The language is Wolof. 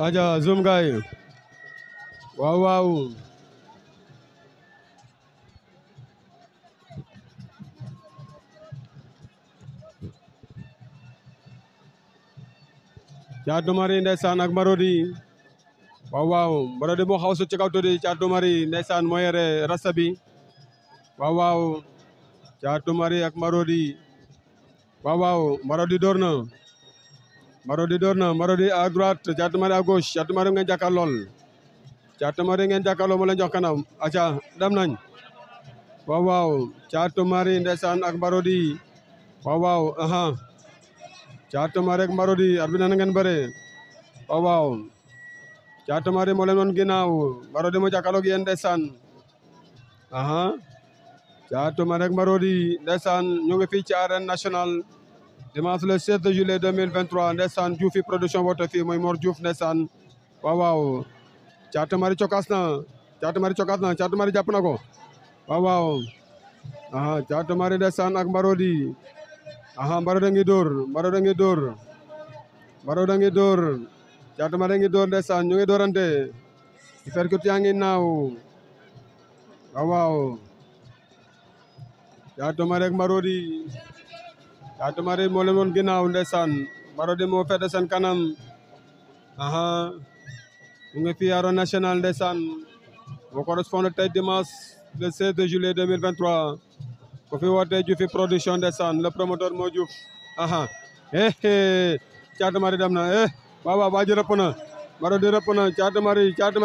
आजा जूम गाय वाह वाह चार तुम्हारी नैसान अकबरोरी वाह वाह बड़ा डेमो हाउस चेकआउटोरी चार तुम्हारी नैसान मोयर रसबी वाह वाह चार तुम्हारी अकबरोरी वाह वाह बड़ा डी डोरना Marodi dorna Marodi a droite Thiatou agus, à gauche Thiatou Marème ngeen jàkkaar lool Thiatou Marème ngeen jàkkaar lool moo jox kanam aca dam nañ waaw waaw Thiatou Marème ak Marodi waaw waaw aha Thiatou Marème ak Marodi arbina wow ngeen bare waaw waaw Thiatou Marème moo leen woon Marodi moo jàkkaarloog yeen aha Thiatou Marème ak Marodi ndeysaan ñu ngi fi ci arena nationale dimanche le 16 juillet 2023 ndeysaan Diouf yi production woote fii mooy Mor Diouf ndeysaan waaw waaw Caatu Mari cokaas na aha Caatu Mari ak Mbarodi aha Mbarodi ngi dóor Mbarodi ngi dóor Mbarodi ngi dóor Caatu yaa ngi naaw waaw waaw ak Mbarodi atumari moolu woon ginnaaw ndeysaan Marodi moo fete seen kanam aha mu ngi fii Arène Nationale ndeysaan mu correspondre tey dimanche le de juillet 2023 ko fi wootee Diouf production ndeysaan le promoteur mo juf aha eh Thiatou chatumari damna eh baba waaw waa ji rëpp na Marodi rëpp na Thiatou